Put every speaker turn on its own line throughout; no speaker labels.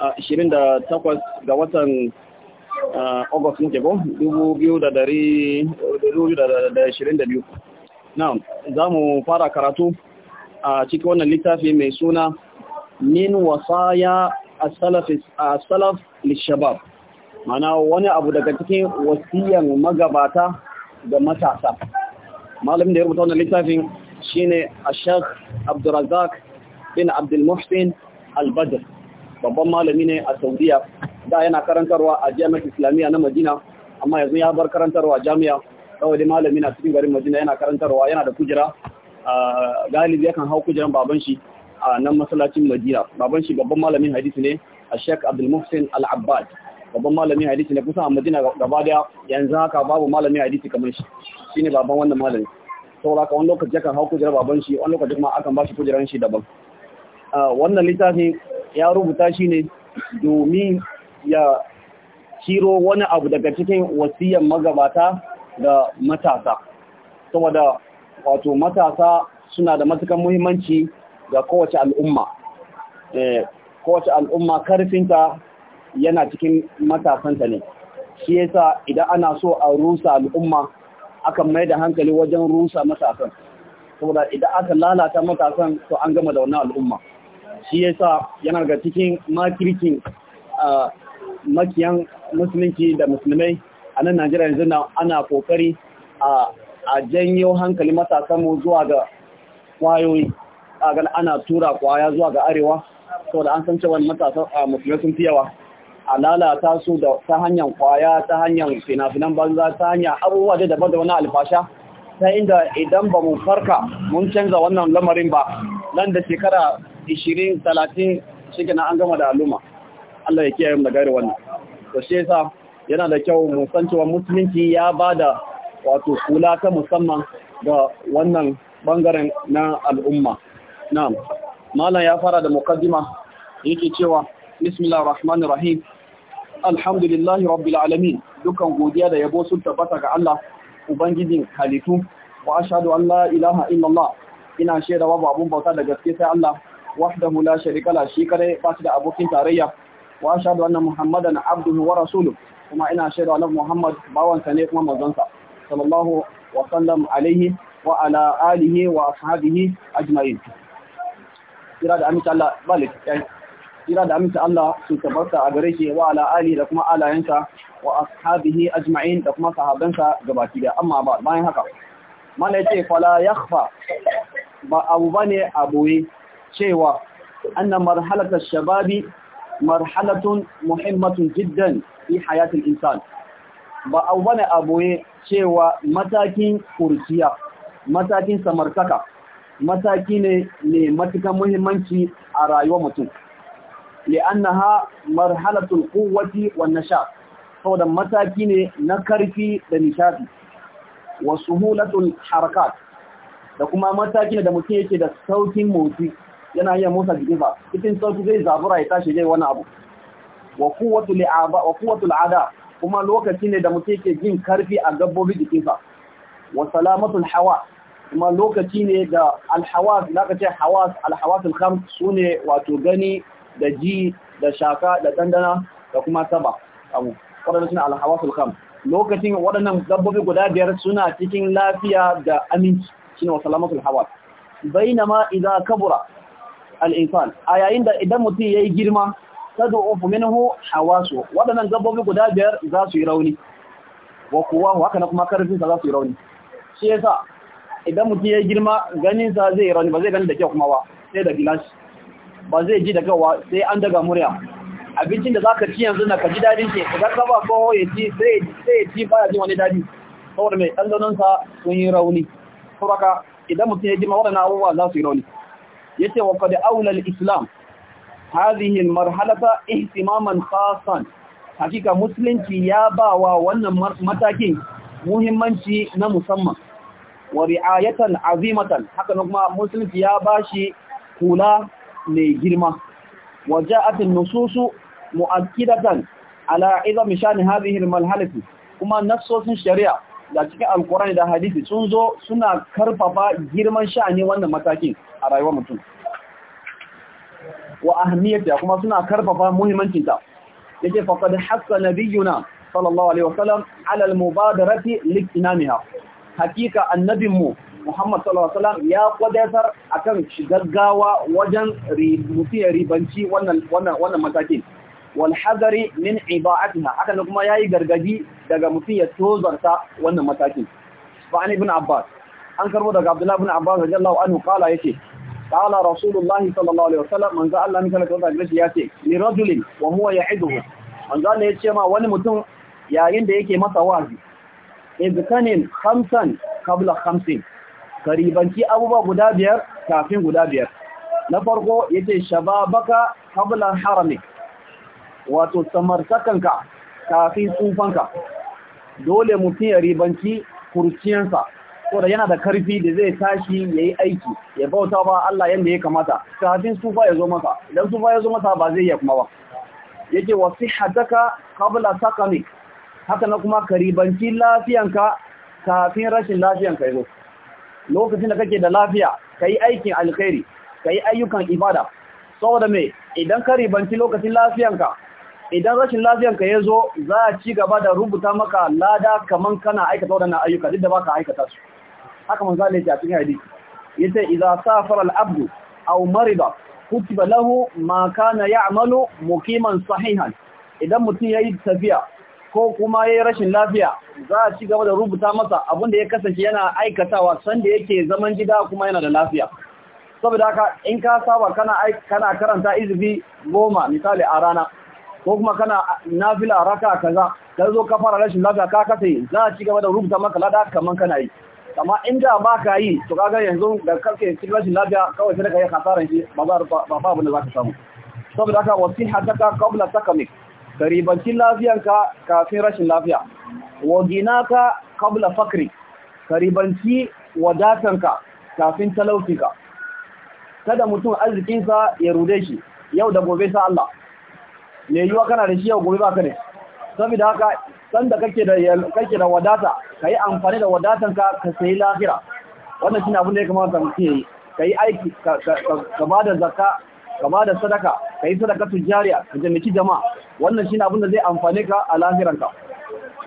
28 ga watan August muke ko 2022 na'am za mu fara karatu a cikin wannan littafi mai suna min wasaya as-salaf lishabab mana wani abu daga cikin wasiyan magabata da matasa malamin da ya rubuta wannan littafin shine ash abdulrazak abdulrazak bin Abdul Muhsin babban malami ne a Saudiya da yana karantarwa a jami'ar Islamiyya na Madina amma yanzu ya bar karantarwa jami'a kawai malami na cikin garin Madina yana karantarwa yana da kujera galibi yakan hau kujiran baban shi a nan masallacin Madina baban shi babban malamin hadisi ne a Sheikh Abdul Muhsin Al-Abbad babban malamin hadisi ne kusa a Madina gaba daya yanzu haka babu malamin hadisi kamar shi shine baban wannan malami saboda ka wani lokaci yakan hau kujerar baban shi wani lokaci kuma akan ba shi kujeran shi daban wannan littafin ya rubuta shi ne domin ya ciro wani abu daga cikin wasiyan magabata da matasa saboda wato matasa suna da matukan muhimmanci ga kowace al'umma eh, kowace al'umma karfinta yana cikin matasanta ne shi yasa idan ana so a rusa al'umma akan mai da hankali wajen rusa matasan saboda idan aka lalata matasan to an gama da wannan al'umma shi ya sa yana ga cikin makirkin makiyan musulunci da musulmai a nan Najeriya yanzu na ana kokari a janyo hankali matasanmu zuwa ga kwayoyi kagan ana tura kwaya zuwa ga arewa saboda an san cewa matasan musulmai sun fi yawa a lalata su da ta hanyar kwaya ta hanyar fina-finan banza ta hanyar abubuwa da daban da wani alfasha ta inda idan ba mu farka mun canza wannan lamarin ba nan da shekara 20 30 shike na an gama da al'umma Allah ya kiyaye mu daga irin wannan to shi yasa yana da kyau mu san cewa musulunci ya bada wato kula ta musamman ga wannan bangaren na al'umma na'am malam ya fara da muqaddima yake cewa bismillahir rahmanir rahim alhamdulillahi rabbil alamin dukan godiya da yabo sun tabbata ga Allah ubangijin halittu wa ashhadu an la ilaha illallah ina shaida babu abun bauta da gaske sai Allah wahdahu la sharika la shi kare ba da abokin tarayya wa ashhadu anna muhammadan abduhu wa rasuluhu kuma ina shaida annabi muhammad bawansa ne kuma manzonsa sallallahu wa sallam alaihi wa ala alihi wa ashabihi ajma'in kira da aminta Allah balik kira da aminta Allah su tabbata a gare shi wa ala alihi da kuma alayansa wa ashabihi ajma'in da kuma sahabansa gabaki da amma bayan haka mana yace fala yakhfa ba abu ne a boye cewa anna marhalata shababi marhalatun muhimmatun jiddan fi hayatul insan ba abu ne a boye cewa matakin kurciya matakin samartaka mataki ne ne matukan muhimmanci a rayuwar mutum li'annaha marhalatul quwwati wan nasha saboda mataki ne na karfi da nishadi wa suhulatul harakat da kuma matakin da mutum yake da saukin motsi yana iya motsa ba cikin sauki zai zabura ya tashi zai wani abu wa kuwatu al'ada kuma lokaci ne da mutum yake jin karfi a gabbobi jikinsa wa al hawa kuma lokaci ne da alhawas da kace hawas al khams sune wato gani da ji da shaka da dandana da kuma saba abu wadannan suna al khams lokacin waɗannan dabbobi guda biyar suna cikin lafiya da aminci shine wasalamatul hawas bainama idza kabura al-insan a yayin da idan mutum yayi girma tad'ufu minhu hawasu wadannan gabobi guda biyar za su yi rauni wa kuwa haka na kuma karfin sa za su yi rauni shi yasa idan mutum yayi girma ganin sa zai yi rauni ba zai gani da kyau kuma ba sai da gilashi ba zai ji da kawa sai an daga murya abincin da zaka ci yanzu na ka ji dadin shi idan ka ba ko ya ci sai sai ya ci baya ji wani dadi saboda mai dandanon sa sun yi rauni saboda idan mutum ya jima waɗannan abubuwa za su yi rauni yace wa qad aula islam hadhihi marhalata ihtimaman khasan hakika musulunci ya ba wa wannan matakin muhimmanci na musamman wa ri'ayatan azimatan haka kuma musulunci ya bashi kula mai girma wa ja'at an-nusus mu'akkidatan ala idham shani hadhihi al kuma nassosin shari'a da cikin alkurani da hadisi sun zo suna karfafa girman sha'ani wannan matakin a rayuwar mutum wa ahmiyata kuma suna karfafa muhimmancinta yake faqad hasa nabiyuna sallallahu alaihi wasallam ala almubadarati liqtinamiha hakika annabinmu Muhammad sallallahu alaihi ya kwadatar akan gaggawa wajen mutum ya ribanci wannan wannan wannan matakin walhazari hadari min ibadatina haka ne kuma yayi gargadi daga mutum ya tozarta wannan matakin fa an ibn abbas an karbo daga abdullah ibn abbas radiyallahu anhu kala yace qala rasulullahi sallallahu alaihi wasallam manzo Allah ne kallata wannan hadisi yace li rajulin wa huwa ya'iduhu manzo Allah yace ma wani mutum yayin da yake masa wazi izkanin khamsan qabla khamsin karibanci abubuwa guda biyar kafin guda biyar na farko yace shababaka qabla haramik wato samartakanka kafin tsufanka dole mutum ya ribanci kurciyansa saboda yana da karfi da zai tashi ya yi aiki ya bauta ba Allah yadda ya kamata kafin tsufa ya zo masa idan tsufa ya zo masa ba zai iya kuma ba yake wasu hataka kabla sakami haka na kuma ka ribanci lafiyanka kafin rashin lafiyanka ya zo lokacin da kake da lafiya ka yi aikin alkhairi ka yi ayyukan ibada saboda mai idan ka ribanci lokacin lafiyanka idan rashin lafiyar ka ya zo za a ci gaba da rubuta maka lada kamar kana aikata waɗannan ayyuka duk da ba ka aikata su haka manzo Allah ya cikin hadisi yace idza safara al-abdu aw marida kutiba lahu ma kana ya'malu muqiman sahihan idan mutum yayi tafiya ko kuma yayi rashin lafiya za a ci gaba da rubuta masa da ya kasance yana aikatawa sanda yake zaman gida kuma yana da lafiya saboda haka in ka saba kana kana karanta izbi goma misali a rana ko kuma kana nafila raka kaza ka zo ka fara rashin lafiya ka kasa za a ci gaba da rubuta maka lada kamar kana yi amma inda ba ka yi to kaga yanzu da kake cikin rashin lafiya kawai sai ka yi hasaran shi ba za ba ba abin da ka samu saboda haka wasihataka qabla takamik ka ribanci lafiyanka kafin rashin lafiya wa ka kabla fakri ka wadatanka kafin talautinka kada mutum arzikinsa ya rude shi yau da gobe sa Allah ne yiwa kana da shi yau gobe ka ne saboda haka sanda kake da kake da wadata kai amfani da wadatan ka ka sayi lahira wannan shine abin da ya kamata ka yi kai aiki ka ba da zakka ka ba da sadaka kai sadaka jariya, ka jami'i jama'a wannan shine abin da zai amfane ka a lahiranka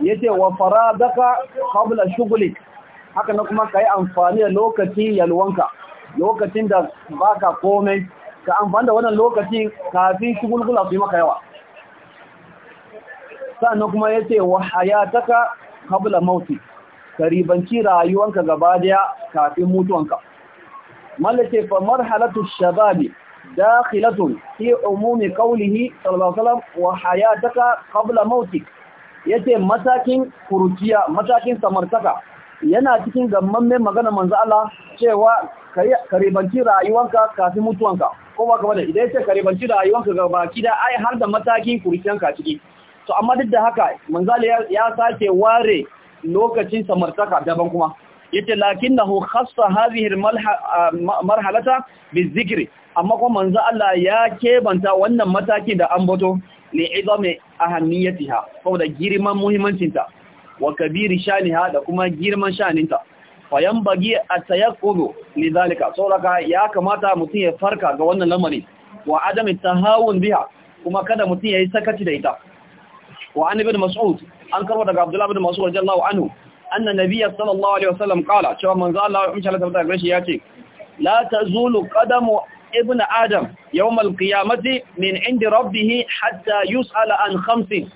yace wa faradaka qabla shughli haka na kuma kai amfani da lokaci yalwanka lokacin da baka komai ka amfani da wannan lokacin kafin shugulgula su yi maka yawa sannan kuma ya ce wa hayataka kabla mauti ka ribanci rayuwanka gaba daya kafin mutuwanka mallace fa marhalatu shababi dakhilatun fi umumi qawlihi sallallahu alaihi wasallam wa hayataka kabla mautik yace matakin kuruciya matakin samartaka yana cikin gammamen magana manzo Allah cewa karibanci rayuwanka kafin mutuwanka ko ba kamar idan yace karibanci rayuwanka gaba kida ai har da matakin kuruciyanka cikin to amma duk da haka manzali ya sake ware lokacin samartaka daban kuma yace lakinnahu khassa hadhihi marhalata bizikri amma kuma manzo Allah ya kebanta wannan mataki da ambato li izami ahamiyatiha saboda girman muhimmancinta wa kabiri shaniha da kuma girman shaninta fayan bagi a tsayakudu lidhalika saboda ya kamata mutum ya farka ga wannan lamari wa adami tahawun biha kuma kada mutum ya yi sakaci da ita wa an ibn mas'ud an karbo daga abdullah ibn mas'ud radiyallahu anhu anna nabiyya sallallahu alaihi wasallam qala cewa manzo Allah ya insha Allah tabbata gashi yace la tazulu qadamu ibn adam yawm alqiyamati min indi rabbih hatta yus al'an khamsin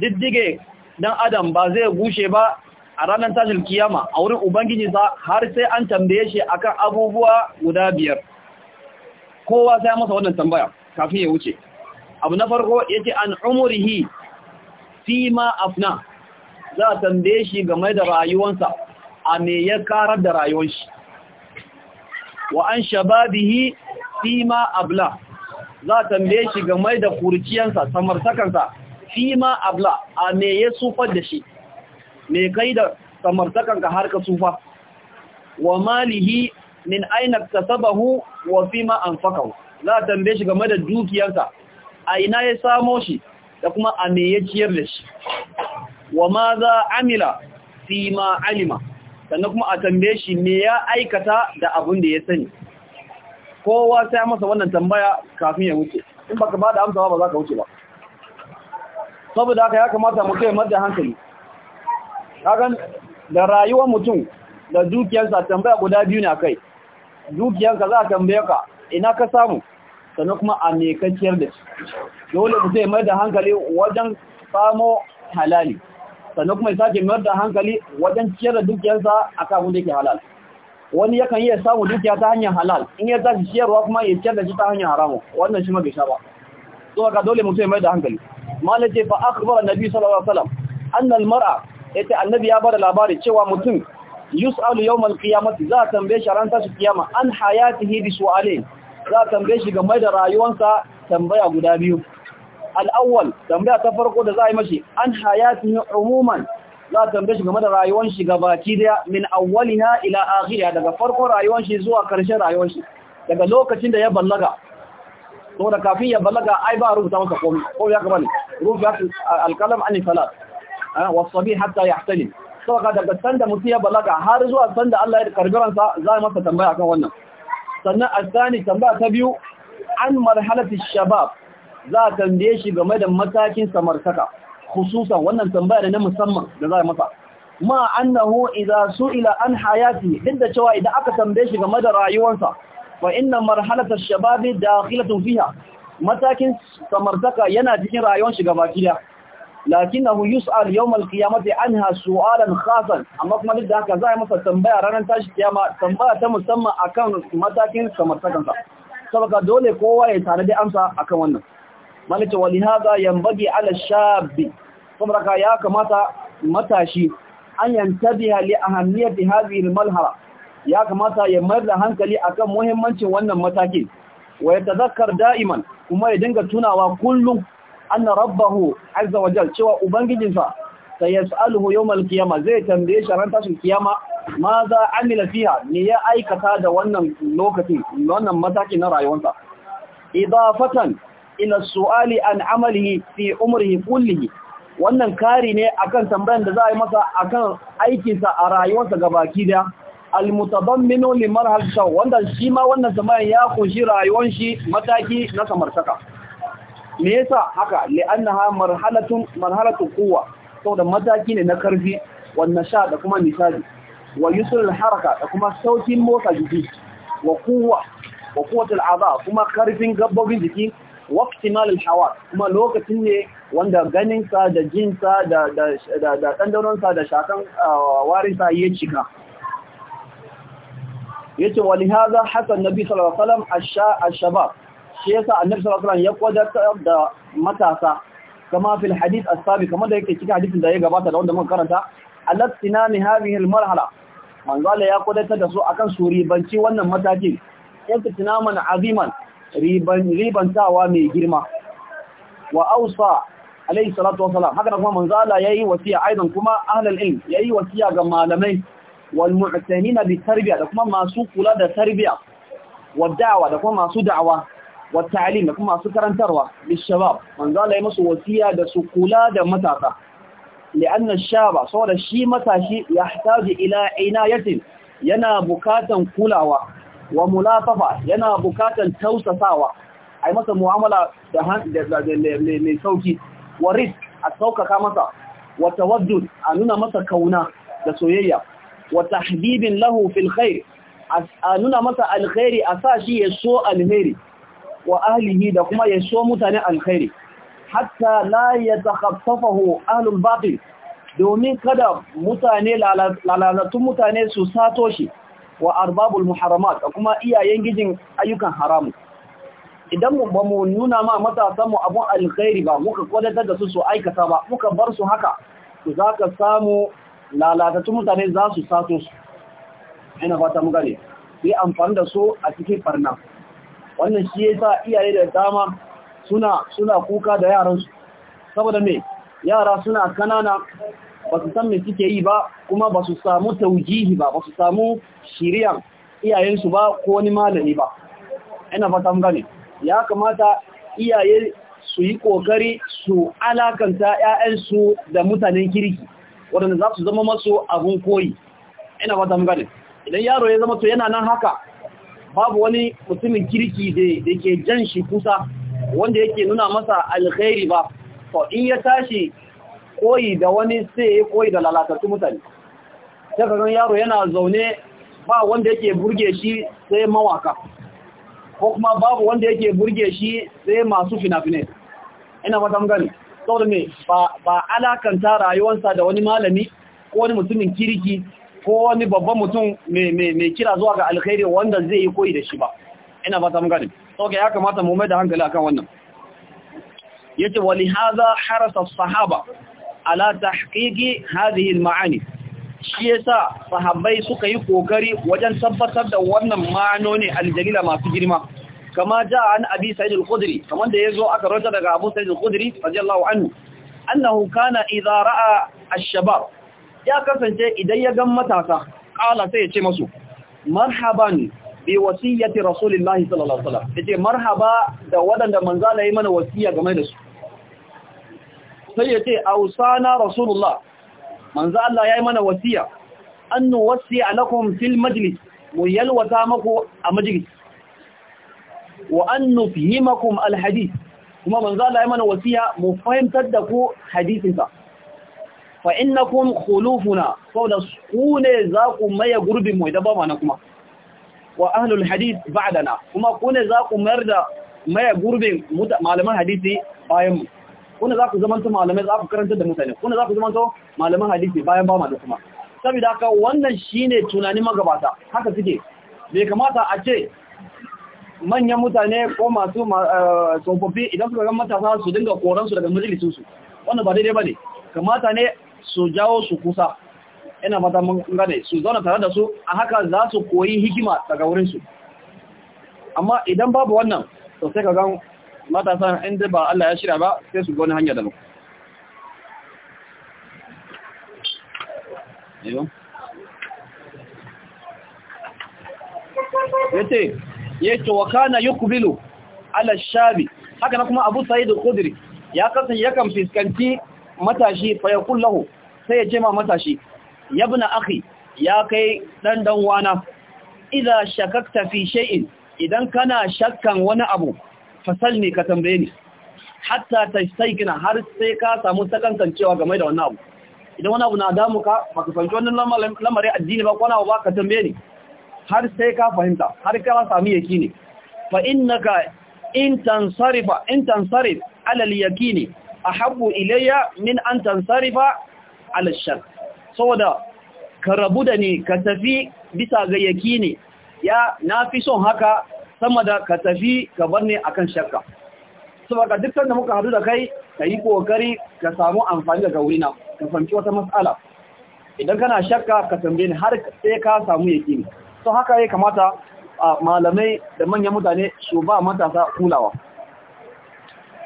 diddige dan adam ba zai bushe ba a ranar tashin kiyama a wurin ubangijinsa har sai an tambaye shi akan abubuwa guda biyar kowa sai masa wannan tambaya kafin ya wuce abu na farko ya yace an umurihi fima afna za a tambaye shi game da rayuwansa a me ya karar da rayuwar shi wa an shababihi fima abla za a tambaye shi game da kurciyansa samartakansa fima abla a me ya sufar da shi me kai da samartakanka har ka sufa wa malihi min aina kasabahu wa fima anfaqahu za a tambaye shi game da dukiyarsa a ina ya samo shi da kuma a me ya ciyar da shi wa ma za amila fi ma alima sannan kuma a tambaye shi me ya aikata da abin da ya sani kowa sai masa wannan tambaya kafin ya wuce in baka ba da amsa ba za ka wuce ba saboda haka ya kamata mu ya madda hankali kagan da rayuwar mutum da dukiyarsa tambaya guda biyu ne kai, dukiyarka za a tambaye ka ina ka samu sannan kuma a mekakiyar da shi dole mutum ya mayar da hankali wajen samo halali sannan kuma ya sake mayar da hankali wajen ciyar da dukiyarsa a kafin da yake halal wani yakan iya samun dukiya ta hanyar halal in ya tashi ciyarwa kuma ya ciyar da shi ta hanyar haramu wannan shi mabisha bai sha ba to ka dole mutum ya mayar da hankali malam ce fa bar annabi sallallahu alaihi wasallam annal Mara, yace annabi ya bar labari cewa mutum yus'alu yawmal qiyamati za a tambaye shi ran tashi kiyama an hayatihi bi su'alain za a tambaye shi game da rayuwansa tambaya guda biyu al'awwal tambaya ta farko da za a yi mashi an hayati umuman za a tambaye shi game da rayuwan shi ki daya min awwalina ila akhiriya daga farkon rayuwan shi zuwa karshen rayuwan shi daga lokacin da ya ballaga to da kafin ya ballaga ai ba rubuta masa komai ko ya gaba ne rubuta alkalam an salat wa sabi hatta hatali. saboda daga da mutum ya balaga har zuwa da Allah ya karbi ransa za a masa tambaya akan wannan sannan asani tambaya ta biyu an marhalati shabab za a tambaye shi game da matakin samartaka khususan wannan tambaya ne na musamman da za a masa ma annahu idza su'ila an hayati duk da cewa idan aka tambaye shi game da rayuwarsa fa inna marhalata shababi dakhilatun fiha matakin samartaka yana cikin rayuwar shi gaba daya lakinnahu yus'al yawm al-qiyamati anha su'alan khasan amma kuma duk da haka za a masa tambaya ranar tashi kiyama tambaya ta musamman akan matakin samartakansa saboda dole kowa ya tare da amsa akan wannan malaka wali hada yanbaghi ala shabi kuma raka ya kamata matashi an yantabiha li ahammiyati hadhihi al-malhala ya kamata ya mayar da hankali akan muhimmancin wannan matakin wa yatadhakkar da'iman kuma ya dinga tunawa kullum anna rabbahu azza wa cewa ubangijinsa sayas'aluhu yawmal qiyamah zai tambaye shi ran tashin kiyama ma za amila fiha ne ya aikata da wannan lokacin wannan mataki na rayuwarsa idafatan ila su'ali an amalihi fi umrihi kullihi wannan kari ne akan tambayan da za a yi masa akan aikinsa a rayuwarsa gabaki da almutadamminu limarhal shaw wanda shi ma wannan tambayan ya kunshi rayuwar shi mataki na samartaka me yasa haka li'annaha marhalatun marhalatu quwwa saboda mataki ne na karfi wannan sha da kuma misali wa yusul haraka da kuma saukin motsa jiki wa quwwa wa quwwatul a'dha kuma karfin gabbobin jiki wa ihtimalul hawa kuma lokacin ne wanda ganin sa da jin sa da da da da da shakan warin sa ya cika yace wa lihaza hasan nabi sallallahu alaihi wasallam ash-shabab shi yasa annabi sallallahu alaihi wasallam ya kodarta da matasa kama fil hadith as-sabi kamar da yake cikin hadisin da ya gabata da wanda muka karanta alat sinani hadhihi al-marhala manzo Allah ya kodarta da su akan su ribanci wannan matakin yanka tinaman aziman riban ribantawa mai girma wa ausa alayhi salatu wasalam haka kuma manzo Allah yayi wasiya aidan kuma ahlul ilm yayi wasiya ga malamai wal mu'tanina bi tarbiya da kuma masu kula da tarbiya wa da'wa da kuma masu da'wa. wa da kuma masu karantarwa bi manzo manzala ya musu wasiya da su kula da matasa li'anna shaba saboda shi matashi yahtaji ila inayatin yana bukatan kulawa wa mulatafa yana bukatan tausasawa ai masa mu'amala da mai sauki wa risk a saukaka masa wa tawaddud a nuna masa kauna da soyayya wa tahdidin lahu fil khair a nuna masa alkhairi a sa shi ya so alheri wa alihi da kuma ya so mutane alkhairi hatta la yatakhaffafahu ahlul batil domin kada mutane lalatun mutane su sato shi wa arbabul muharramat da kuma iyayen gijin ayyukan haramu idan mu bamu nuna ma matasan mu abun alkhairi ba muka kwadatar da su su aikata ba muka bar su haka to zaka samu lalatatun mutane za su sato su ina fata mu gane yi amfani da su a cikin farnan wannan shi ya sa iyaye da dama suna suna kuka da yaransu saboda me yara suna kanana ba su san me suke yi ba kuma ba su samu taujihi ba ba su samu shiriyan iyayensu ba ko wani malami ba ina fata mun gane ya kamata iyaye su yi kokari su alakanta ƴaƴansu da mutanen kirki wadanda za su zama masu abun koyi ina fata mun gane idan yaro ya zama to yana nan haka babu wani mutumin kirki da yake jan shi kusa wanda yake nuna masa alkhairi ba to in ya tashi koyi da wani sai ya koyi da lalatattu mutane sai ka yaro yana zaune ba wanda yake burge shi sai mawaka ko kuma babu wanda yake burge shi sai masu fina-finai ina fata gani saboda ne ba alakanta rayuwarsa da wani malami ko wani mutumin kirki ko wani babban mutum mai kira zuwa ga alkhairi wanda zai yi koyi da shi ba ina fata mun gane ya kamata mu mai da hankali akan wannan yace wani hadha harasa sahaba ala tahqiqi hadhihi almaani shi yasa sahabbai suka yi kokari wajen tabbatar da wannan ma'anoni aljalila masu girma kama jaa an abi sa'id al-khudri kaman da yazo aka rota daga abu sa'id al-khudri radiyallahu anhu annahu kana idha ra'a ash-shabab ya kasance idan ya gan matasa ƙala sai ya ce masu marhaban bi wasiyyati rasulillahi sallallahu alaihi wasallam yace marhaba da wadanda manzala ya mana wasiya game da su sai yace ausana rasulullah manzo Allah yayi mana wasiya an nuwassi alakum fil majlis mu yalwata maku a majlis wa an nufihimakum al hadith kuma manzo Allah mana wasiya mu fahimtar da ku hadisin sa fa kun khulufuna saboda ku ne za ku maye gurbin mu idan ba mana kuma wa ahlul hadith ba'dana kuma ku ne za ku mayar da maye gurbin malaman hadisi bayan mu ku ne za ku zamanto malamai za ku karanta da mutane ku ne za ku zamanto malaman hadisi bayan ba mana kuma saboda haka wannan shine tunani magabata haka suke bai kamata a ce manyan mutane ko masu eh, tsofaffi idan suka ga matasa su dinga koransu daga majalisinsu wannan ba daidai ba ne kamata ne su jawo su kusa ina fata mun gane su zauna tare da su a haka za su koyi hikima daga wurinsu. su amma idan babu wannan to sai ka ga matasa inda ba Allah ya shirya ba sai su gona hanya da mu yace yace wa kana yukbilu ala shabi haka na kuma Abu Sa'id al-Khudri ya kasance yakan fiskanci matashi fa kullahu, sai ya ce ma matashi yabna akhi ya kai dan dan wana idza shakakta fi shay'in idan kana shakkan wani abu ne ka tambaye ni hatta tastaykina har sai ka samu sakankancewa game da wannan abu idan wani abu na damu ka baka fahimci wannan lamarin addini ba ko ba ka tambaye ni har sai ka fahimta har ka sami yakini fa innaka in tansarifa in tansarif ala al-yakini ahabbu ilayya min an tansarifa alashar saboda ka rabu da ni ka tafi bisa ga yakini ya 'Na fi son haka sama da ka tafi ka bar ni akan shakka saboda duk sanda muka hadu da kai ka yi kokari ka samu amfani daga wurina ka fahimci wata matsala idan kana shakka ka tambaye ni har sai ka samu yakini to haka ya kamata malamai da manyan mutane su ba matasa kulawa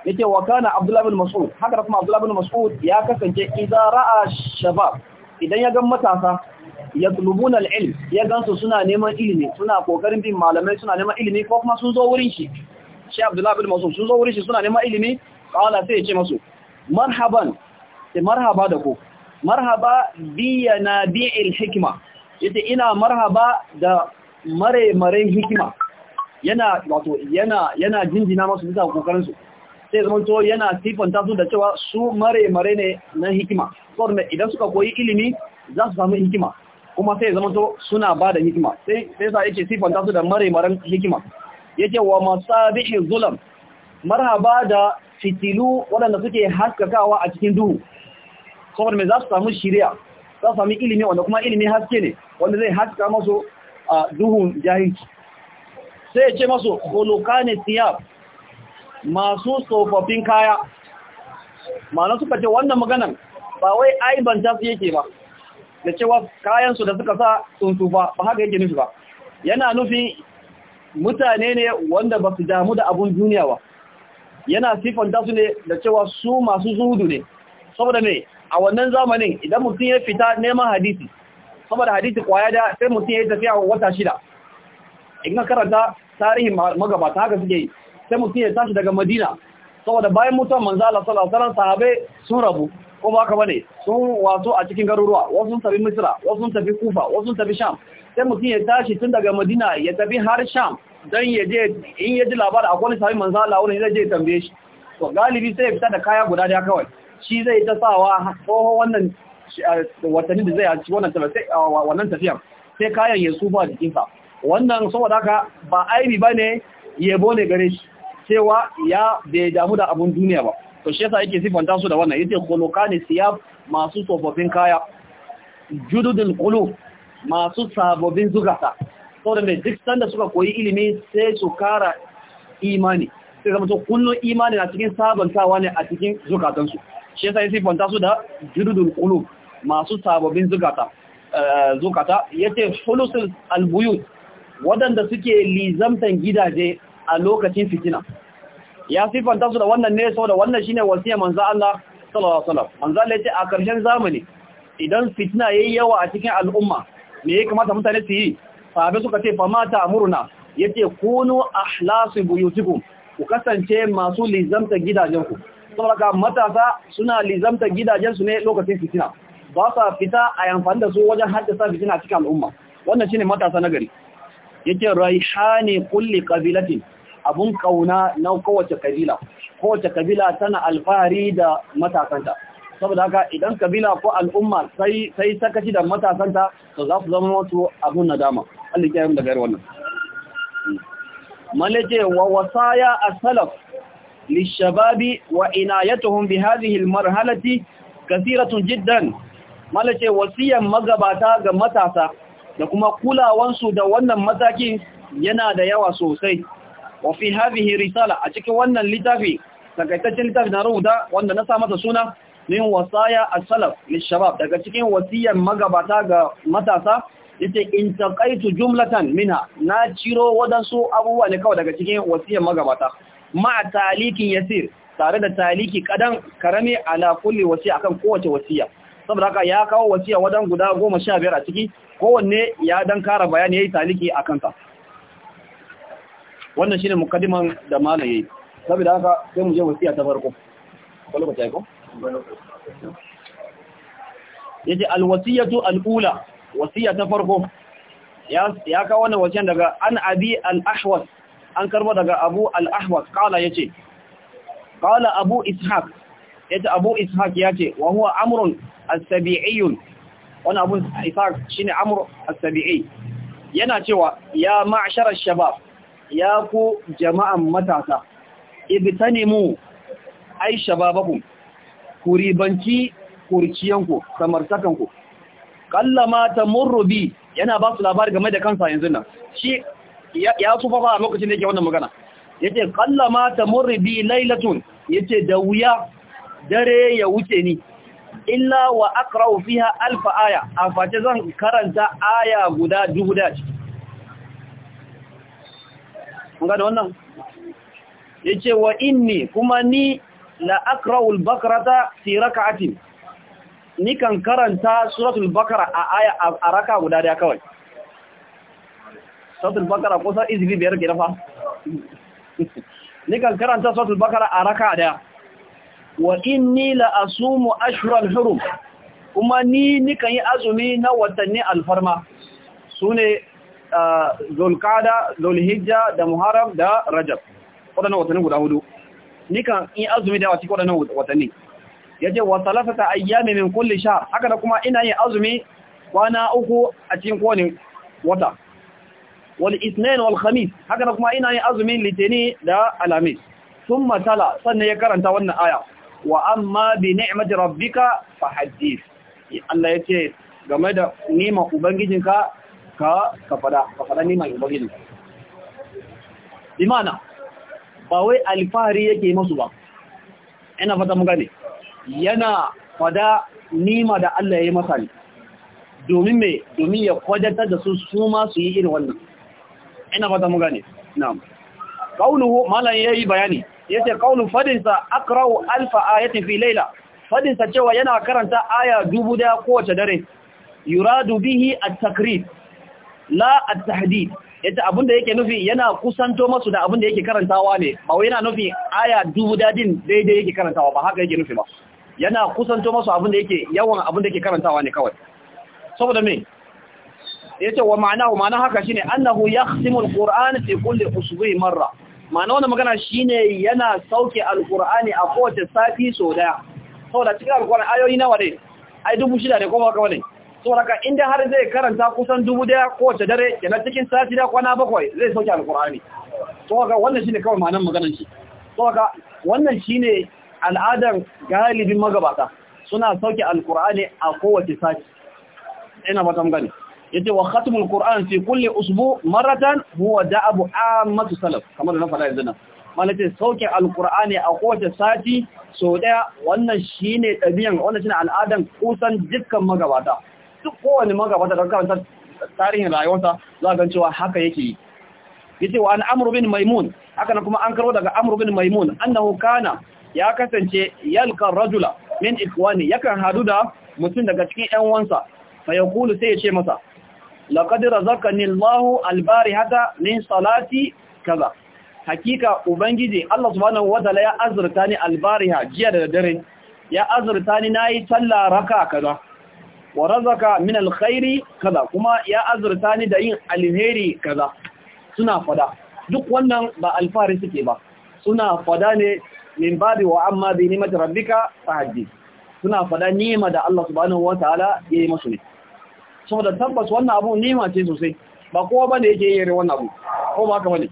yake wa kana Abdullah bin Mas'ud haka kuma Abdullah bin Mas'ud ya kasance idan ra'a shabab idan ya ga matasa yatlubun al-ilm ya gansu suna neman ilimi suna kokarin bin malamai suna neman ilimi ko kuma sun zo wurin shi shi Abdullah bin Mas'ud sun zo wurin shi suna neman ilimi kala sai ya ce masu marhaban sai marhaba da ku marhaba bi yanabi'il hikma yace ina marhaba da mare mare hikima yana wato yana yana jinjina masu bisa kokarin su sai zama to yana sifanta su da cewa su mare-mare ne na hikima saboda idan suka koyi ilimi za su samu hikima kuma sai zama to suna ba da hikima sai sai sa yake sifanta su da mare-maren hikima yake wa masabihin zulam marhaba da fitilu waɗanda suke haskakawa a cikin duhu saboda mai za su samu shirya za su sami ilimi wanda kuma ilimi haske ne wanda zai haska masu a duhun jahilci sai ya ce masu holokane siyar. masu tsofaffin kaya ma'ana suka ce wannan maganan ba wai aibanta su yake ba da cewa kayansu da suka sa sun tufa ba haka yake nufi ba yana nufin mutane ne wanda ba su damu da abun duniya ba yana siffanta su ne da cewa su masu zuhudu ne saboda ne a wannan zamanin idan mutum ya fita neman hadisi saboda hadisi kwaya da sai mutum ya yi tafiya wata shida in ka karanta tarihin magabata haka suke yi sai mutum ya tashi daga madina saboda bayan mutuwar manzo Allah sallallahu alaihi wasallam sahabe sun rabu ko ba ka bane sun wato a cikin garuruwa wasu sun tafi misra wasu sun tafi kufa wasu sun tafi sham sai mutum ya tashi tun daga madina ya tafi har sham dan ya je in ya ji labarin akwai sahabbi manzo Allah wani zai je tambaye shi to galibi sai ya fita da kaya guda daya kawai shi zai ta sawa tsohon wannan watanni da zai a cikin wannan tafiyar sai kayan ya tsufa jikinsa wannan saboda haka ba aibi ba ne yabo ne gare shi cewa ya bai damu da abun duniya ba to shi yasa yake sifanta su da wannan yace khuluqani siyab masu tsofaffin kaya jududul qulub masu sabobin zugata saboda mai duk sanda suka koyi ilimi sai su kara imani sai zama to kullu imani na cikin sabantawa ne a cikin zukatansu shi yasa ya sifanta su da jududul qulub masu sabobin zugata eh, zukata yace hulusul albuyut wadanda suke lizamtan gidaje a lokacin fitina ya sifanta su da wannan ne saboda wannan shine wasiya manzo Allah sallallahu alaihi wasallam manzo Allah ce a karshen zamani idan fitina yayi yawa a cikin al'umma me ya kamata mutane su yi ba suka ce fa mata amuruna yace kunu ahlasu buyutikum ku kasance masu lizamta gidajenku saboda ka matasa suna lizamta gidajensu ne lokacin fitina ba sa fita a amfani da su wajen haddasa fitina cikin al'umma wannan shine matasa na gari yake raihani kulli qabilatin abun kauna na kowace kabila kowace kabila tana alfahari da matakanta saboda haka idan kabila ko al'umma sai sai sakaci da matakanta to za su zama wasu abun nadama Allah ya yi daga irin wannan malaje wa wasaya as-salaf lishababi wa inayatuhum bi hadhihi al-marhalati kathiratun jiddan malaje wasiyan magabata ga matasa da kuma kulawansu da wannan matakin yana da yawa sosai wa fi hadhihi risala a cikin wannan litafi takaitaccen littafi na rubuta wanda na sa masa suna min wasaya as-salaf lishabab daga cikin wasiyar magabata ga matasa yace in taqaitu jumlatan minha na ciro wadansu abubuwa ne kawai daga cikin wasiyar magabata ma talikin yasir tare da taliki kadan karami ala kulli wasiya akan kowace wasiya saboda haka ya kawo wasiya wadan guda 15 a ciki kowanne ya dan kara bayani yayi taliki akan ta wannan shine mukaddiman da malaye saboda haka sai mu je wasiya ta farko ko lokaci ai ko yace alwasiyatu alula wasiya ta farko ya ya kawo wannan wasiyan daga an abi al-ahwas an karbo daga abu al-ahwas kala yace kala abu ishaq yace abu ishaq yace wa huwa amrun as-sabi'iyyun wannan abu ishaq shine amru as-sabi'i yana cewa ya ma'shara shabab ya ku jama'an matasa ibtanimu ai shababakum ku ribanci kurciyanku samartakanku kallama tamurru bi yana ba su labari game da kansa yanzu nan shi ya tsufa ba a lokacin da yake wannan magana Ya yace kallama tamurru bi lailatun ce da wuya dare ya wuce ni illa wa akrau fiha alfa aya a face zan karanta aya guda dubu da ciki gane wannan yace wa inni kuma ni la Akrawul bakarata fi rak'atin ni kan karanta suratul bakara a aya a raka guda daya kawai suratul bakara ko sa izbi biyar ke dafa ni kan karanta suratul bakara a raka daya wa inni la asumu ashral hurum kuma ni nikan yi azumi na watanni alfarma sune zulkada zulhijja da muharram da rajab waɗannan watanni guda hudu nikan in azumi da cikin waɗannan watanni ya ce wa talatata ayyami min kulli shahr haka kuma ina yin azumi kwana uku a cikin kowane wata wal ithnain wal khamis haka da kuma ina yin azumi litini da alamis thumma tala sannan ya karanta wannan aya wa amma bi ni'mati rabbika fahaddith Allah yace game da ni ni'mar ubangijinka ka ka fada ka ne mai bagin imana ba wai alfahari yake masu ba ina fata mu gane yana fada nima da Allah ya yi masa ne domin me domin ya kwadatar da su su ma su yi irin wannan ina fata mu gane na'am kauluhu mala yayi bayani yace kaulu fadinsa akra'u alfa ayatin fi layla fadinsa cewa yana karanta aya dubu daya kowace dare yuradu bihi at takrir la at-tahdid yace abinda yake nufi yana kusanto masu da abinda yake karantawa ne ba wai yana nufi aya dubu dadin daidai yake karantawa ba haka yake nufi ba yana kusanto masu abinda yake yawan abinda yake karantawa ne kawai saboda me yace wa ma'anahu ma'ana haka shine annahu yakhsimu al-qur'an fi kulli usbu'i marra ma'ana wannan magana shine yana sauke al a kowace sati so daya saboda cikin alqur'ani ayoyi nawa ne ai dubu shida ne kuma kawai ne suraka inda har zai karanta kusan dubu daya kowace dare yana cikin sati da kwana bakwai zai sauke alkur'ani suraka wannan shine kawai ma'anar maganar shi saboda wannan shine al'adar galibin magabata suna sauke alkur'ani a kowace sati ina ba gani yace wa khatmul qur'an fi kulli usbu maratan huwa da'abu ammatu salaf kamar da na faɗa yanzu nan malace sauke alkur'ani a kowace sati so daya wannan shine dabiyan wannan shine al'adan kusan dukkan magabata duk kowane magabata da karanta tarihin rayuwarsa za ga cewa haka yake yi yace wa an bin maimun haka na kuma an karo daga amru bin maimun annahu kana ya kasance yalka rajula min ikwani yakan hadu da mutum daga cikin ƴan wansa fa yaqulu sai ya ce masa laqad razaqani Allahu albarihata min salati kaza hakika ubangiji Allah subhanahu ta'ala ya azurta ni albariha jiya da dare ya azurta ni nayi sallah raka kaza wa razaka min alkhairi kaza kuma ya azurta ni da yin alheri kaza suna fada duk wannan ba alfari suke ba suna fada ne min babi wa amma bi nimat rabbika tahaddi suna fada nima da Allah subhanahu wataala yayi musu ne saboda tabbas wannan abu nima ce sosai ba kowa bane yake yin wannan abu ko ba haka bane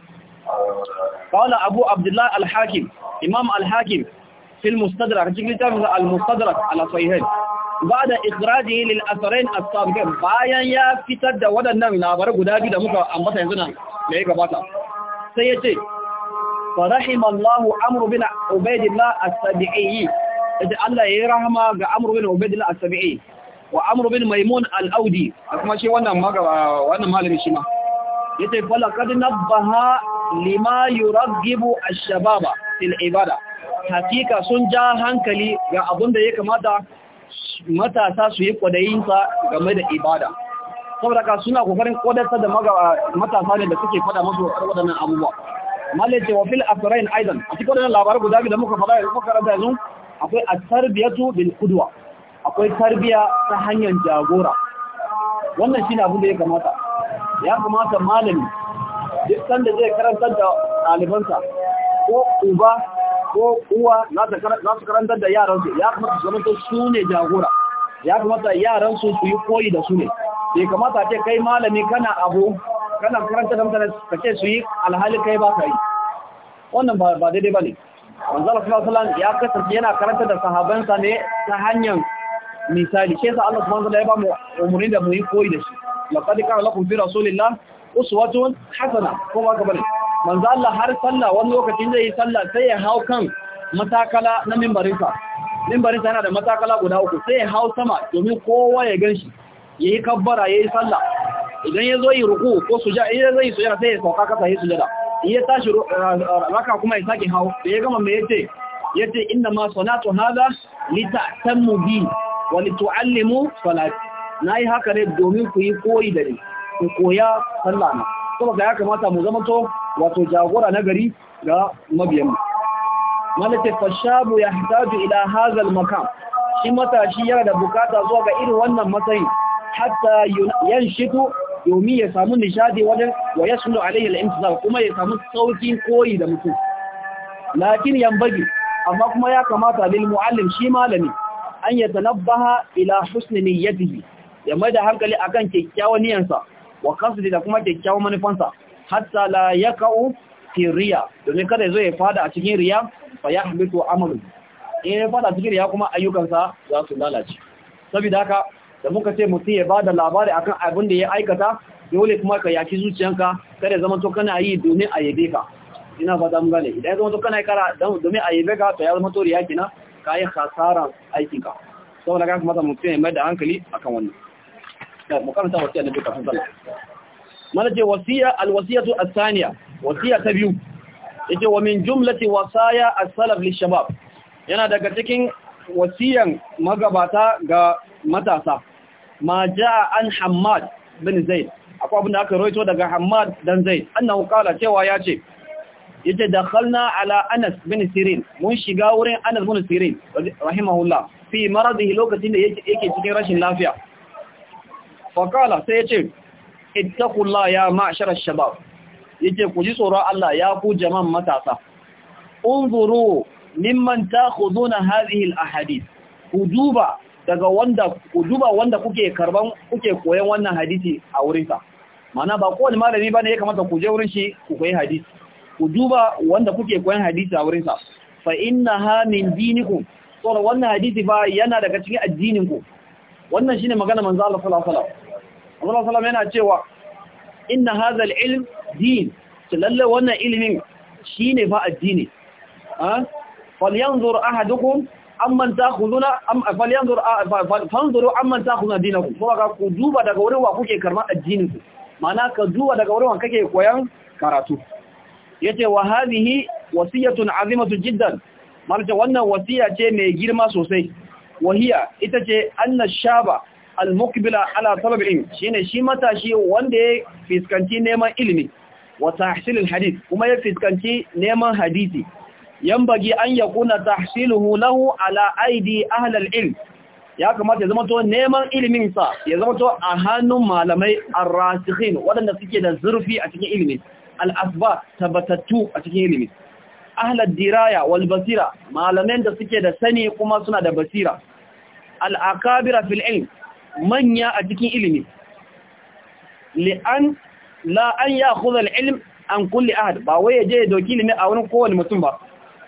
qala abu abdullah al-hakim imam al-hakim في المستدرك جيك لتعرف المستدرك على صحيحين ba da ikiraji lil a asabiqin bayan ya fitar da waɗannan labarai guda biyu da muka ambata yanzu nan da ya gabata sai ya ce farahimallahu amru bin ubaidillah as-sabi'i yace Allah yayi rahama ga amru bin as-sabi'i wa amru maimun alaudi audi kuma shi wannan wannan malami shi ma yace na nabbaha lima yuraghibu a shababa fil ibada hakika sun ja hankali ga abin da ya kamata matasa su yi kwadayinsa game da ibada saboda ka suna kokarin kodarsa da matasa ne da suke fada masu waɗannan abubuwa malace wa fil asrain aidan a cikin wannan labarai guda da muka fada yanzu karanta yanzu akwai a tarbiyatu bil qudwa akwai tarbiya ta hanyar jagora wannan shine abin da ya kamata ya kamata malami duk sanda zai karantar da ɗalibansa ko uba ko uwa za su karantar da yaransu ya kamata su zama su ne jagora ya kamata yaransu su yi koyi da su ne bai kamata ce kai malami kana abu kana karanta da mutane ka ce su yi alhali kai ba ka yi wannan ba daidai ba ne wanzala sallallahu ya kasance yana karanta da sahabansa ne ta hanyar misali shi yasa Allah ya ba mu umarni da mu yi koyi da shi laqad kana lakum fi hasana ko ba ka ne? manzo Allah har sallah wani lokacin zai yi sallah sai ya hau kan matakala na mimbarinsa mimbarinsa yana da matakala guda uku sai ya hau sama domin kowa ya ganshi ya yi kabbara ya yi sallah idan ya zo yi ruku ko suja idan zai sujada sai ya sauka kasa ya sujada ya tashi raka kuma ya sake hau da ya gama mai yace yace inna ma salatu hada li ta'tamu bi wa li tu'allimu salati nayi haka ne domin ku yi koyi da ni ku koya sallah na saboda ya kamata mu zama to wato jagora na gari ga mabiyan malaka fashabu ya hitaju ila hazal makam shi matashi yana da bukata zuwa ga irin wannan matsayin hatta yanshitu yomi ya samu nishadi wajen wa yaslu alayhi al intizar kuma ya samu saukin koyi da mutum lakin yambagi amma kuma ya kamata lil muallim shi malami an tanabbaha ila husni niyyatihi ya mai da hankali akan kyakkyawan niyyarsa wa qasdi da kuma kyakkyawan manufansa hatta la yaqau fi riya domin kada zai fada a cikin riya fa yahbitu amalu in ya fada cikin riya kuma ayyukansa za su lalace saboda haka da muka ce mutum ya bada labari akan abin da ya aikata dole kuma ka yaki zuciyanka kada zama to kana yi domin a yabe ka ina ba mun gane idan zama to kana kara domin a yabe ka to ya zama to riya kina ka yi hasaran aikinka saboda haka kuma mutum ya mai da hankali akan wannan da mukamta wasu yadda duka sun sallah mana ce wasiya alwasiyatu a saniya wasiya ta biyu yace wa min jumlati wasaya as-salaf lishabab yana daga cikin wasiyan magabata ga matasa ma jaa an hammad bin zaid akwai abin da aka roito daga hammad dan zaid annahu qala cewa yace yace dakhalna ala anas bin sirin mun shiga wurin anas bin sirin rahimahullah fi maradihi lokacin da yake cikin rashin lafiya fa sai yace ittaqullah ya ma'shar ash-shabab yake ku ji tsoron Allah ya ku jaman matasa unzuru mimman takhuduna hadhihi al-ahadith ku duba daga wanda ku duba wanda kuke karban kuke koyan wannan hadisi a wurin sa mana ba kowane malami bane ya kamata ku je wurin shi ku koyi hadisi ku duba wanda kuke koyan hadisi a wurin sa fa innaha min dinikum to wannan hadisi ba yana daga cikin addinin ku wannan shine magana manzo Allah sallallahu alaihi wasallam Allah sallallahu yana cewa inna hadha al-ilm din lalle wannan ilimin shine fa addini Fal falyanzur ahadukum amman takhuduna am falyanzur fanzuru amman takhuduna dinakum ko ga ku duba daga wurin wa kuke karma addinin ku ma'ana ka duba daga wurin wa kake koyan karatu yace wa hadhihi wasiyatun azimatu jiddan malaka wannan wasiya ce mai girma sosai wahiya ita ce Annashaba. al mukbila ala talab shine shi matashi wanda ya fiskanci neman ilimi wa tahsil hadith kuma ya fiskanci neman hadisi yambagi an yakuna tahsiluhu lahu ala aidi ahli al-ilm ya kamata ya zama to neman ilimin sa ya zama to a hannun malamai ar-rasikhin wadanda suke da zurfi a cikin ilimi al-asba tabatattu a cikin ilimi ahli diraya wal basira malamai da suke da sani kuma suna da basira al-akabira fil ilm manya a cikin ilimi la'an ya khudha al-ilm an kulli ahad ba wai ya je doki ilimi a wurin kowane mutum ba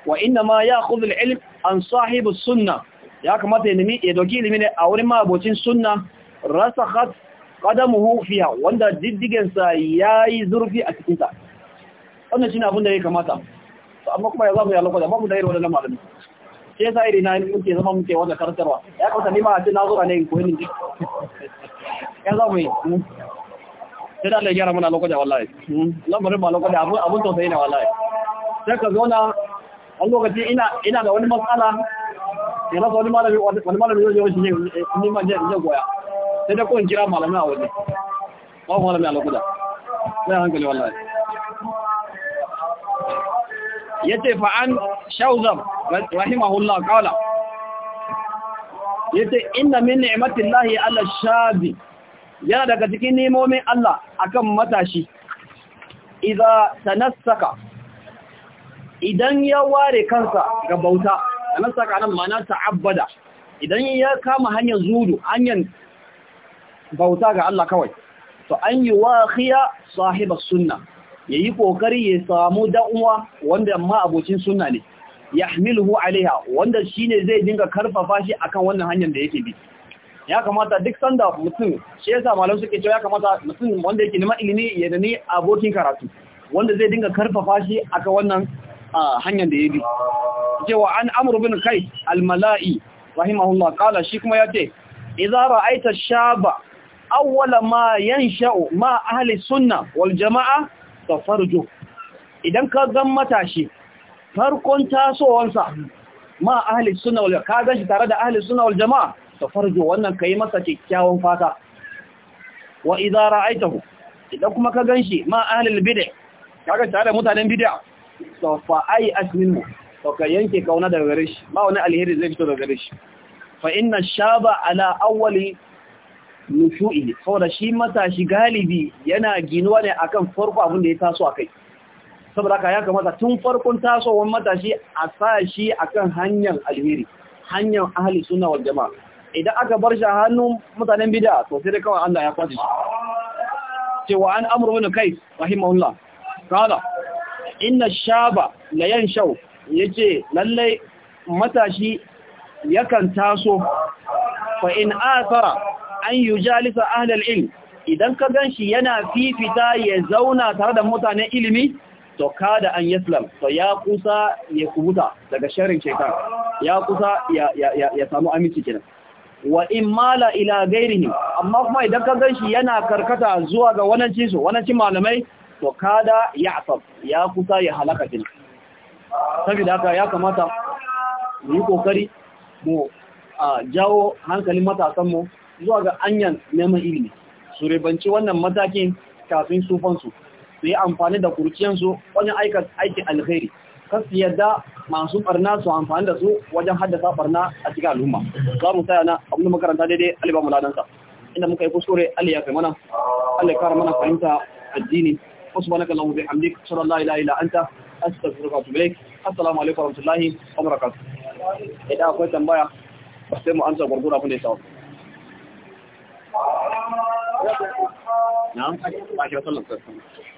wa inda ma ya khudha al an sahibu sunna ya kamata ya doki ilimi ne a wurin mabocin sunna rasakhat kadamuhu fiya wanda diddigensa yi zurfi a cikinta wannan shi ne abin da ya kamata amma kuma ya zaku ya lokacin da irin sai yasa iri na muke zama muke wata karantarwa ya kamata ni ma a ce na zo ne in koyi ne ya za mu yi hmm. sai da Allah gyara mana lokaci wallahi lamarin hmm. ba lokaci abun abun tausayi ne wallahi sai ka zo na wani lokaci ina da wani matsala sai rasa wani malami wani malami zai yawan shi ne eh, ni ma zai goya sai da kowane kira malami a waje
ba ku malami a lokuta
sai hankali wallahi yace fa an shawzam rahimahullah qala yace inna min ni'matillahi ala shabi yana daga cikin nemomin Allah akan matashi idza tanassaka idan ya ware kansa ga bauta tanassaka nan ma'ana ta'abbada idan ya kama hanyar zudu hanyar bauta ga Allah kawai to an yi waqiya sahibas sunna yayi kokari ya samu da'uwa wanda amma abocin sunna ne yahmiluhu alaiha wanda ne zai dinga karfafa shi akan wannan hanyar da yake bi ya kamata duk sanda mutum shi yasa malam suke cewa ya kamata mutum wanda yake neman ilimi ya ni abokin karatu wanda zai dinga karfafa shi akan wannan hanyar da ya bi cewa an amru bin kai al-mala'i rahimahullah kala shi kuma yace idza ra'aita shaba awwala ma yansha'u ma ahli sunna wal jama'a tafarju idan ka ga matashi farkon tasowansa ma ahli suna wal ka ganshi tare da ahli suna wal jamaa ta farjo wannan kai masa kikkiawan fata wa idza ra'aitahu idan kuma ka ganshi ma ahli al ka kaga tare da mutanen bid'a to fa ai asminu to ka yanke kauna daga gare shi ba wani alheri zai fito daga gare shi fa inna shaba ala awwali nushu'i saboda shi matashi galibi yana ginuwa ne akan farko abin da ya taso a kai saboda haka ya kamata tun farkon tasowar matashi a sa shi akan hanyar alheri hanyar ahli suna wal jama'a idan aka bar shi a hannun mutanen bid'a to sai dai kawai Allah ya kwace shi cewa an amru bin kai rahimahullah qala inna shaba la yanshau yace lallai matashi yakan taso fa in athara an yujalisa ahli al-ilm idan ka gan ganshi yana fifita ya zauna tare da mutanen ilimi to kada an yaslam to ya kusa ya kubuta daga sharrin shaitan ya kusa ya samu aminci kenan wa in mala ila gairihim amma kuma idan ka ganshi yana karkata zuwa ga wannan cin su wannan cin malamai to kada ya asab ya kusa ya halaka din saboda haka ya kamata mu yi kokari mu a jawo hankalin matasan mu zuwa ga anyan neman ilimi su rebanci wannan matakin kafin tufansu. su yi amfani da kurciyansu wajen aikin alkhairi kan su yadda masu barna su amfani da su wajen haddasa barna a cikin al'umma za mu tsaya na abin makaranta daidai alibar muladansa inda muka yi kuskure ali ya kai mana ali kara mana fahimta addini wasu banaka lamu bai hamdik shirin la ila ila anta astaghfiruka wa atubu assalamu alaikum wa rahmatullahi wa barakatuh idan akwai tambaya ba sai mu amsa gurgura abin da ya sawa
na'am ba shi wasallam